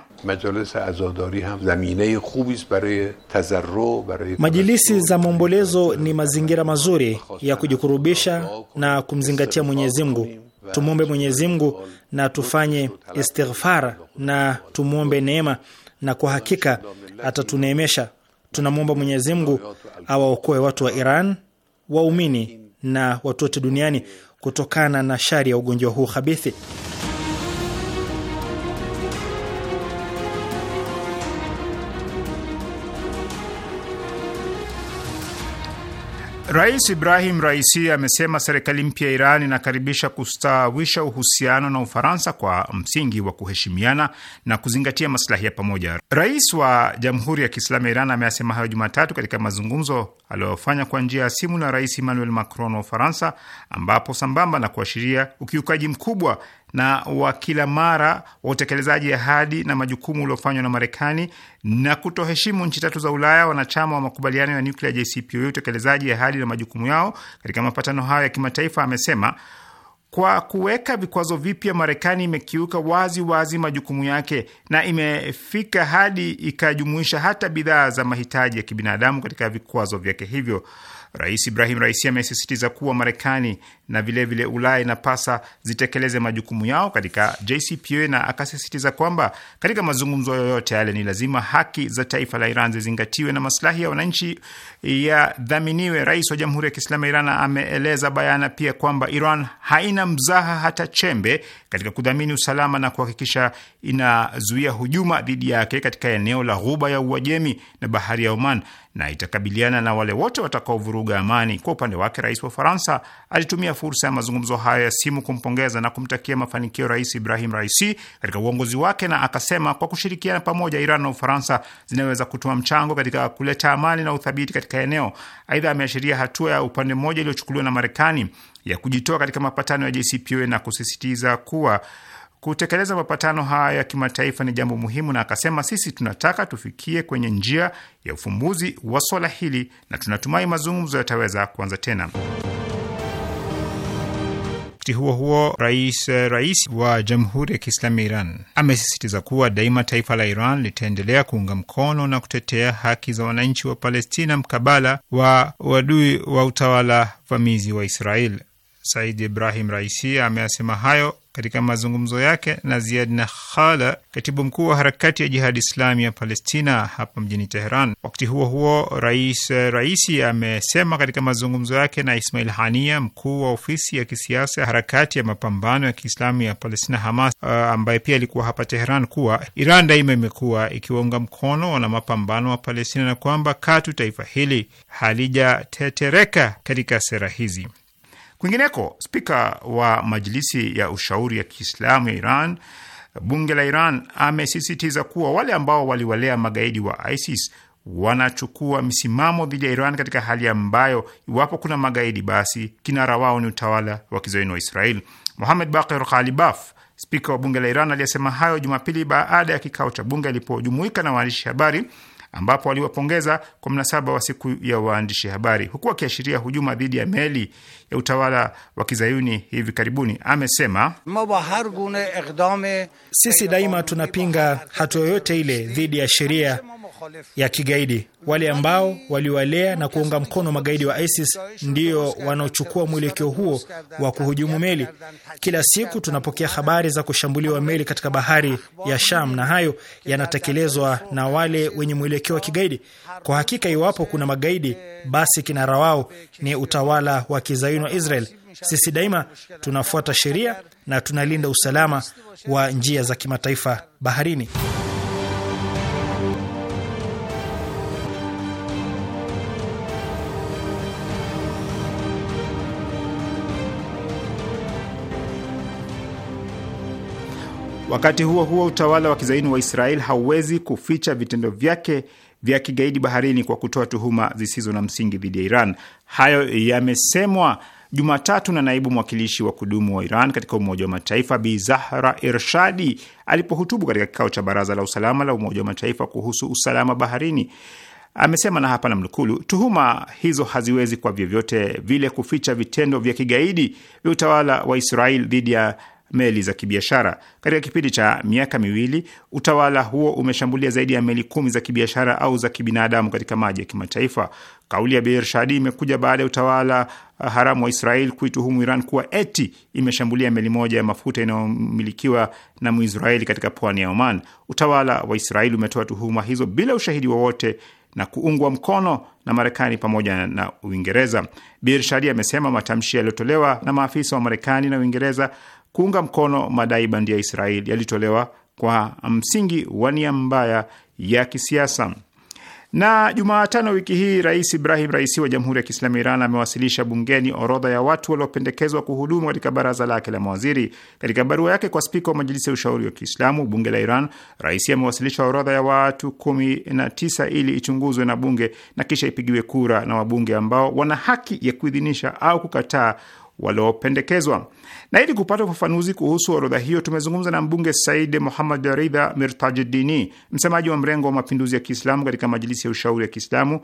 majilisi za maombolezo ni mazingira mazuri ya kujikurubisha na kumzingatia Mwenyezi Mungu. Tumwombe Mwenyezi Mungu na tufanye istighfar na tumwombe neema, na kwa hakika atatuneemesha. Tunamwomba Mwenyezi Mungu awaokoe watu wa Iran, waumini na watu wote duniani kutokana na shari ya ugonjwa huu khabithi Rais Ibrahim Raisi amesema serikali mpya ya Iran inakaribisha kustawisha uhusiano na Ufaransa kwa msingi wa kuheshimiana na kuzingatia masilahi ya pamoja. Rais wa Jamhuri ya Kiislamu ya Iran ameasema hayo Jumatatu katika mazungumzo aliyofanya kwa njia ya simu na Rais Emmanuel Macron wa Ufaransa, ambapo sambamba na kuashiria ukiukaji mkubwa na wa kila mara wa utekelezaji ahadi na majukumu uliofanywa na Marekani na kutoheshimu nchi tatu za Ulaya wanachama wa makubaliano ya nyuklia JCPOA utekelezaji ahadi na majukumu yao katika mapatano hayo ya kimataifa, amesema kwa kuweka vikwazo vipya Marekani imekiuka wazi wazi majukumu yake na imefika hadi ikajumuisha hata bidhaa za mahitaji ya kibinadamu katika vikwazo vyake hivyo. Rais Ibrahim Raisi amesisitiza kuwa Marekani na vilevile Ulaya inapasa zitekeleze majukumu yao katika JCPOA, na akasisitiza kwamba katika mazungumzo yoyote yale ni lazima haki za taifa la Iran zizingatiwe na maslahi ya wananchi yadhaminiwe. Rais wa Jamhuri ya Kiislamu ya Iran ameeleza bayana pia kwamba Iran haina mzaha hata chembe katika kudhamini usalama na kuhakikisha inazuia hujuma dhidi yake katika eneo la Ghuba ya Uajemi na bahari ya Oman na itakabiliana na wale wote watakaovuruga amani. Kwa upande wake, rais wa Faransa alitumia fursa ya mazungumzo hayo ya simu kumpongeza na kumtakia mafanikio Rais Ibrahim Raisi katika uongozi wake, na akasema kwa kushirikiana pamoja, Iran na Ufaransa zinaweza kutoa mchango katika kuleta amani na uthabiti katika eneo. Aidha, ameashiria hatua ya upande mmoja iliyochukuliwa na Marekani ya kujitoa katika mapatano ya JCPOA na kusisitiza kuwa kutekeleza mapatano haya ya kimataifa ni jambo muhimu, na akasema sisi tunataka tufikie kwenye njia ya ufumbuzi wa swala hili na tunatumai mazungumzo yataweza kuanza tena. Wakati huo huo, rais eh, rais wa Jamhuri ya Kiislamu ya Iran amesisitiza kuwa daima taifa la Iran litaendelea kuunga mkono na kutetea haki za wananchi wa Palestina mkabala wa uadui wa utawala vamizi wa Israel. Said Ibrahim Raisi ameyasema hayo katika mazungumzo yake na Ziad Nakhala, katibu mkuu wa harakati ya Jihadi Islami ya Palestina hapa mjini Teheran. Wakati huo huo, rais Raisi amesema katika mazungumzo yake na Ismail Hania, mkuu wa ofisi ya kisiasa ya harakati ya mapambano ya Kiislamu ya Palestina Hamas, uh, ambaye pia alikuwa hapa Teheran, kuwa Iran daima imekuwa ikiwaunga mkono wana mapambano wa Palestina na kwamba katu taifa hili halijatetereka katika sera hizi. Kwingineko, spika wa Majilisi ya Ushauri ya Kiislamu ya Iran, bunge la Iran, amesisitiza kuwa wale ambao waliwalea magaidi wa ISIS wanachukua misimamo dhidi ya Iran katika hali ambayo iwapo kuna magaidi basi kinara wao ni utawala wa kizayuni wa Israel. Mohamed Baqir Ghalibaf, spika wa bunge la Iran, aliyesema hayo Jumapili baada ya kikao cha bunge alipojumuika na waandishi habari ambapo waliwapongeza kwa mnasaba wa siku ya waandishi habari, huku akiashiria hujuma dhidi ya meli ya utawala wa kizayuni hivi karibuni. Amesema, sisi daima tunapinga hatua yoyote ile dhidi ya sheria ya kigaidi. Wale ambao waliwalea na kuunga mkono magaidi wa ISIS ndio wanaochukua mwelekeo huo wa kuhujumu meli. Kila siku tunapokea habari za kushambuliwa meli katika bahari ya Sham, na hayo yanatekelezwa na wale wenye mwelekeo wa kigaidi. Kwa hakika, iwapo kuna magaidi, basi kinara wao ni utawala wa kizayuni wa Israel. Sisi daima tunafuata sheria na tunalinda usalama wa njia za kimataifa baharini. Wakati huo huo, utawala wa kizaini wa Israel hauwezi kuficha vitendo vyake vya kigaidi baharini kwa kutoa tuhuma zisizo na msingi dhidi ya Iran. Hayo yamesemwa Jumatatu na naibu mwakilishi wa kudumu wa Iran katika Umoja wa Mataifa Bi Zahra Irshadi alipohutubu katika kikao cha Baraza la Usalama la Umoja wa Mataifa kuhusu usalama baharini. Amesema na hapa namnukuu: tuhuma hizo haziwezi kwa vyovyote vile kuficha vitendo vya kigaidi vya utawala wa Israel dhidi ya meli za kibiashara. Katika kipindi cha miaka miwili, utawala huo umeshambulia zaidi ya meli kumi za kibiashara au za kibinadamu katika maji ya kimataifa. Kauli ya Beirshadi imekuja baada ya utawala eh, haramu wa Israel kuituhumu Iran kuwa eti imeshambulia meli moja ya mafuta inayomilikiwa na Muisraeli katika pwani ya Oman. Utawala wa Israeli umetoa tuhuma hizo bila ushahidi wowote na kuungwa mkono na Marekani pamoja na Uingereza. Beirshadi amesema matamshi yaliyotolewa na maafisa wa Marekani na Uingereza kuunga mkono madai bandia ya Israel yalitolewa kwa msingi wa nia mbaya ya kisiasa. Na Jumatano wiki hii Rais Ibrahim Raisi wa Jamhuri ya Kiislamu Iran amewasilisha bungeni orodha ya watu waliopendekezwa kuhudumu katika baraza lake la mawaziri. Katika barua yake kwa spika wa Majilisi ya Ushauri wa Kiislamu, bunge la Iran, Raisi amewasilisha orodha ya watu kumi na tisa ili ichunguzwe na bunge na kisha ipigiwe kura na wabunge ambao wana haki ya kuidhinisha au kukataa waliopendekezwa. Na ili kupata ufafanuzi kuhusu orodha hiyo, tumezungumza na mbunge Said Muhammad Ridha Mirtajidini, msemaji wa mrengo wa mapinduzi ya Kiislamu katika Majilisi ya Ushauri ya Kiislamu,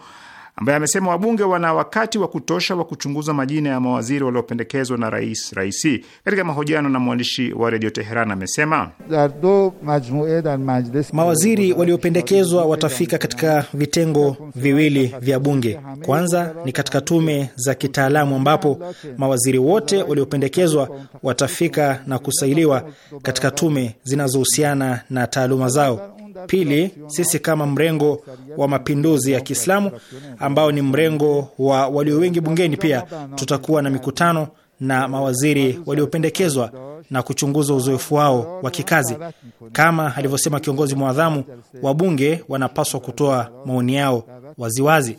ambaye amesema wabunge wana wakati wa kutosha wa kuchunguza majina ya mawaziri waliopendekezwa na rais Raisi. Katika mahojiano na mwandishi wa redio Teheran amesema mawaziri waliopendekezwa watafika katika vitengo viwili vya bunge. Kwanza ni katika tume za kitaalamu ambapo mawaziri wote waliopendekezwa watafika na kusailiwa katika tume zinazohusiana na taaluma zao. Pili, sisi kama mrengo wa mapinduzi ya Kiislamu ambao ni mrengo wa walio wengi bungeni, pia tutakuwa na mikutano na mawaziri waliopendekezwa na kuchunguza uzoefu wao wa kikazi. Kama alivyosema kiongozi mwadhamu, wabunge wanapaswa kutoa maoni yao waziwazi.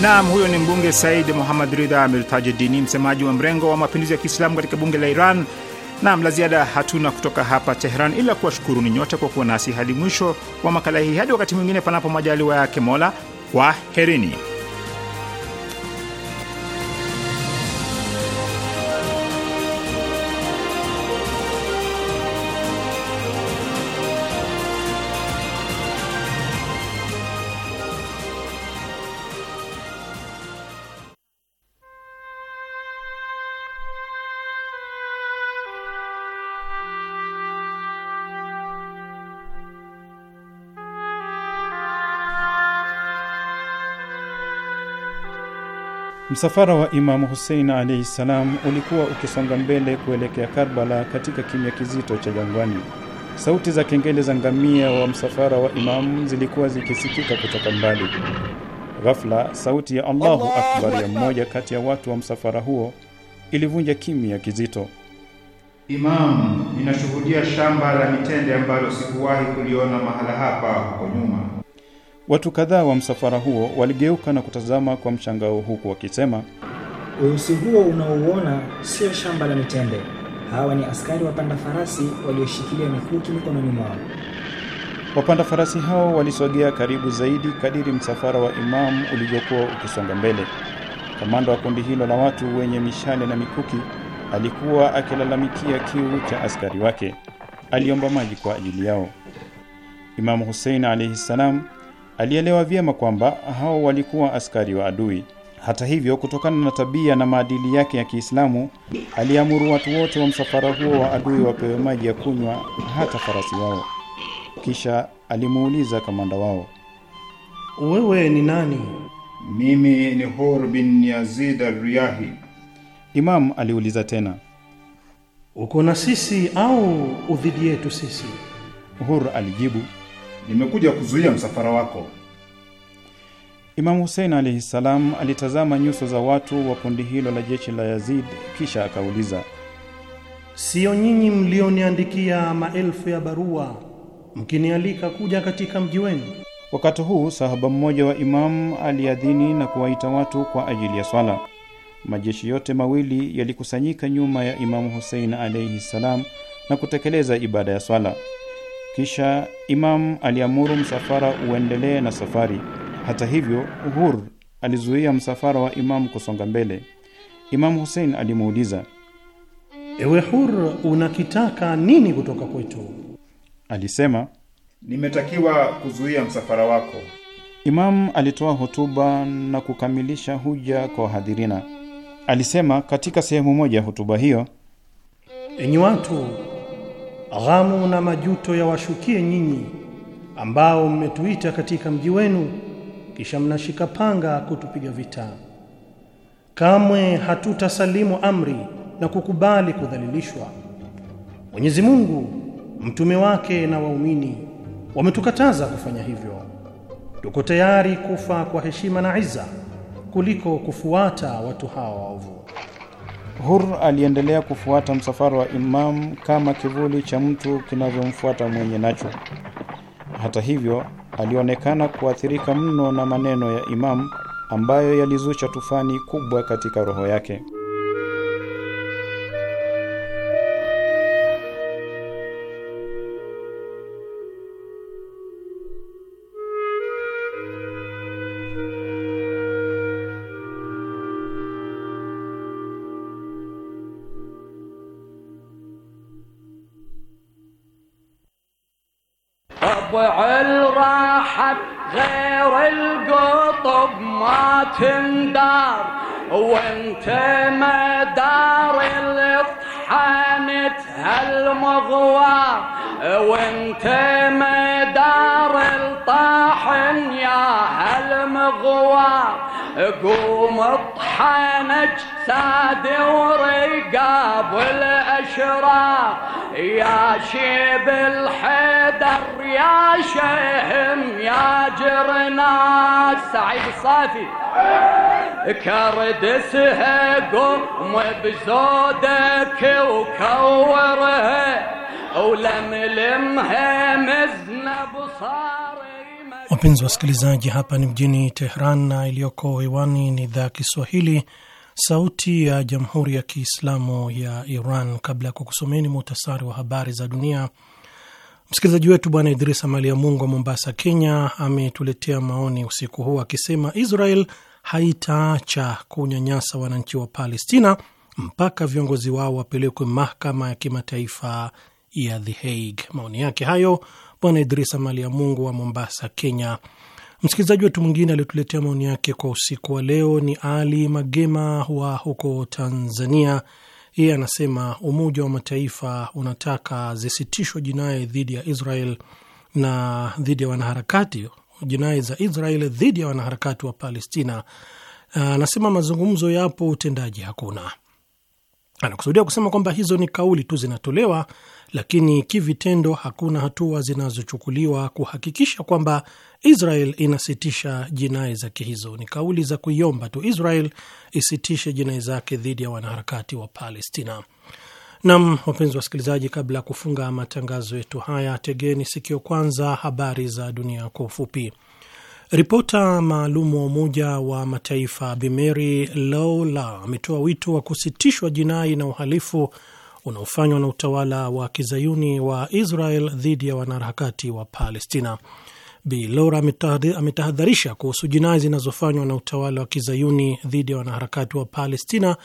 Naam, huyo ni mbunge Said Muhammad Ridha Amir dini msemaji wa mrengo wa mapinduzi ya Kiislamu katika bunge la Iran. Naam, la ziada hatuna kutoka hapa teheran ila kuwashukuruni nyote kwa kuwa nasi hadi mwisho wa makala hii. Hadi wakati mwingine, panapo majaliwa yake Mola, kwa herini Msafara wa Imamu Husein alaihi ssalam ulikuwa ukisonga mbele kuelekea Karbala katika kimya kizito cha jangwani. Sauti za kengele za ngamia wa msafara wa Imamu zilikuwa zikisikika kutoka mbali. Ghafla, sauti ya Allahu akbar ya mmoja kati ya watu wa msafara huo ilivunja kimya kizito. Imamu, ninashuhudia shamba la mitende ambalo sikuwahi kuliona mahala hapa huko nyuma. Watu kadhaa wa msafara huo waligeuka na kutazama kwa mshangao, huku wakisema, weusi huo unaouona sio shamba la mitende. Hawa ni askari wapanda farasi walioshikilia mikuki mikononi mwao. Wapanda farasi hao walisogea karibu zaidi kadiri msafara wa Imamu ulivyokuwa ukisonga mbele. Kamanda wa kundi hilo la watu wenye mishale na mikuki alikuwa akilalamikia kiu cha askari wake. Aliomba maji kwa ajili yao. Imamu Husein alaihi ssalam Alielewa vyema kwamba hao walikuwa askari wa adui. Hata hivyo, kutokana na tabia na maadili yake ya Kiislamu, aliamuru watu wote wa msafara huo wa adui wapewe maji ya kunywa, hata farasi wao. Kisha alimuuliza kamanda wao, wewe ni nani? Mimi ni Hur bin Yazid al-Riyahi. Imam aliuliza tena, uko na sisi au udhidi yetu sisi? Hur alijibu nimekuja kuzuia msafara wako. Imamu Husein alaihi ssalam alitazama nyuso za watu wa kundi hilo la jeshi la Yazid, kisha akauliza, siyo nyinyi mlioniandikia maelfu ya barua mkinialika kuja katika mji wenu? Wakati huu sahaba mmoja wa imamu aliadhini na kuwaita watu kwa ajili ya swala. Majeshi yote mawili yalikusanyika nyuma ya Imamu Husein alaihi ssalam na kutekeleza ibada ya swala. Kisha Imam aliamuru msafara uendelee na safari. Hata hivyo, Hur alizuia msafara wa Imam kusonga mbele. Imam Hussein alimuuliza, ewe Hur, unakitaka nini kutoka kwetu? Alisema, nimetakiwa kuzuia msafara wako. Imam alitoa hotuba na kukamilisha huja kwa wahadhirina. Alisema katika sehemu moja ya hotuba hiyo, enyi watu ghamu na majuto yawashukie nyinyi ambao mmetuita katika mji wenu, kisha mnashika panga kutupiga vita. Kamwe hatutasalimu amri na kukubali kudhalilishwa. Mwenyezi Mungu, mtume wake na waumini wametukataza kufanya hivyo. Tuko tayari kufa kwa heshima na iza kuliko kufuata watu hawa waovu. Hur aliendelea kufuata msafara wa imamu kama kivuli cha mtu kinavyomfuata mwenye nacho. Hata hivyo, alionekana kuathirika mno na maneno ya imamu ambayo yalizusha tufani kubwa katika roho yake. بعد غير القطب ما تندار وانت مدار الاطحان هالمغوار وانت مدار الطاحن يا هالمغوار قوم اطحن اجساد ورقاب والاشرار يا شيب الحدر يا شهم يا جرناس سعيد الصافي كردسها قوم بزودك وكورها ولملمها مزنب صار Wapenzi wasikilizaji, hapa ni mjini Tehran na iliyoko hewani ni idhaa ya Kiswahili, Sauti ya Jamhuri ya Kiislamu ya Iran. Kabla ya kukusomeni muhtasari wa habari za dunia, msikilizaji wetu Bwana idris amali ya Mungu wa Mombasa, Kenya, ametuletea maoni usiku huu akisema Israel haitaacha kunyanyasa wananchi wa Palestina mpaka viongozi wao wapelekwe mahakama ya kimataifa ya The Hague. Maoni yake hayo Bwana Idrisa Mali ya Mungu wa Mombasa, Kenya. Msikilizaji wetu mwingine aliyotuletea maoni yake kwa usiku wa leo ni Ali Magema wa huko Tanzania. Yeye anasema Umoja wa Mataifa unataka zisitishwe jinai dhidi ya Israel na dhidi ya wanaharakati, jinai za Israel dhidi ya wanaharakati wa Palestina. Anasema mazungumzo yapo, utendaji hakuna. Anakusudia kusema kwamba hizo ni kauli tu zinatolewa, lakini kivitendo hakuna hatua zinazochukuliwa kuhakikisha kwamba Israel inasitisha jinai zake hizo. Ni kauli za kuiomba tu Israel isitishe jinai zake dhidi ya wanaharakati wa Palestina. Nam, wapenzi wasikilizaji, kabla ya kufunga matangazo yetu haya, tegeni sikio kwanza habari za dunia kwa ufupi. Ripota maalum wa Umoja wa Mataifa Bimeri Lola ametoa wito wa kusitishwa jinai na uhalifu unaofanywa na utawala wa kizayuni wa Israel dhidi ya wanaharakati wa Palestina. Bi Laura ametahadharisha kuhusu jinai zinazofanywa na utawala wa kizayuni dhidi ya wanaharakati wa Palestina,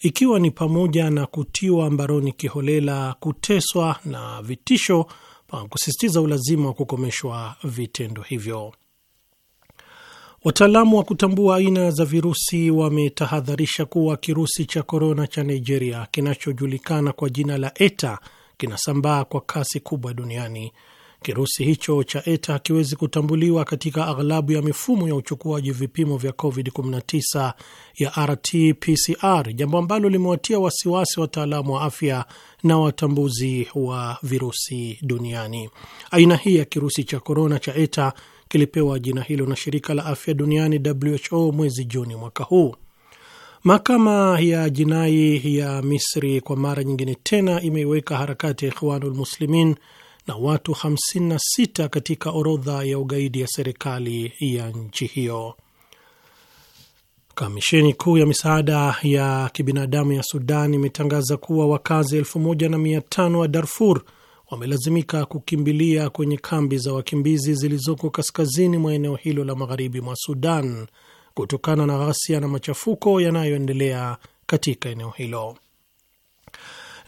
ikiwa ni pamoja na kutiwa mbaroni kiholela, kuteswa na vitisho, pa kusisitiza ulazima wa kukomeshwa vitendo hivyo. Wataalamu wa kutambua aina za virusi wametahadharisha kuwa kirusi cha korona cha Nigeria kinachojulikana kwa jina la Eta kinasambaa kwa kasi kubwa duniani. Kirusi hicho cha Eta hakiwezi kutambuliwa katika aghlabu ya mifumo ya uchukuaji vipimo vya COVID-19 ya RT-PCR, jambo ambalo limewatia wasiwasi wataalamu wa afya na watambuzi wa virusi duniani. Aina hii ya kirusi cha korona cha Eta kilipewa jina hilo na shirika la afya duniani WHO mwezi Juni mwaka huu. Mahakama ya jinai ya Misri kwa mara nyingine tena imeiweka harakati ya Ikhwanul Muslimin na watu 56 katika orodha ya ugaidi ya serikali ya nchi hiyo. Kamisheni kuu ya misaada ya kibinadamu ya Sudan imetangaza kuwa wakazi 1500 wa Darfur wamelazimika kukimbilia kwenye kambi za wakimbizi zilizoko kaskazini mwa eneo hilo la magharibi mwa Sudan kutokana na ghasia na machafuko yanayoendelea katika eneo hilo.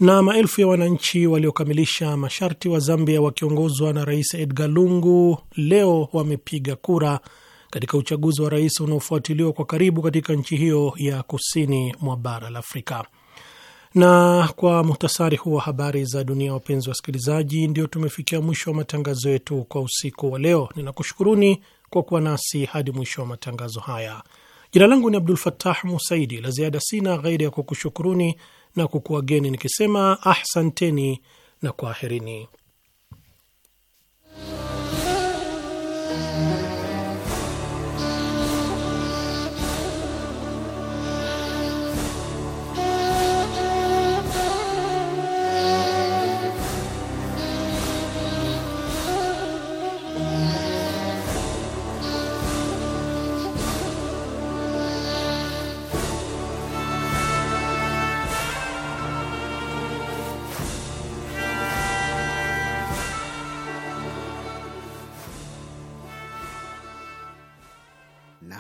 Na maelfu ya wananchi waliokamilisha masharti wa Zambia wakiongozwa na Rais Edgar Lungu leo wamepiga kura katika uchaguzi wa rais unaofuatiliwa kwa karibu katika nchi hiyo ya kusini mwa bara la Afrika. Na kwa muhtasari huu wa habari za dunia, wapenzi wa wasikilizaji, ndio tumefikia mwisho wa matangazo yetu kwa usiku wa leo. Ninakushukuruni kwa kuwa nasi hadi mwisho wa matangazo haya. Jina langu ni Abdul Fattah Musaidi. La ziada sina ghairi ya kukushukuruni na kukuageni nikisema ahsanteni na kwaherini.